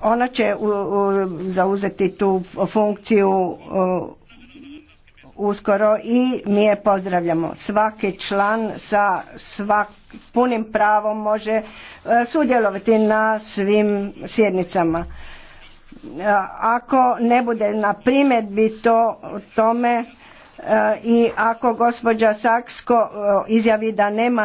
ona će zauzeti tu funkciju uskoro i mi je pozdravljamo. Svaki član sa svak, punim pravom može e, sudjelovati na svim sjednicama. E, ako ne bude na primjedbi to tome e, i ako gospođa Saksko izjavi da nema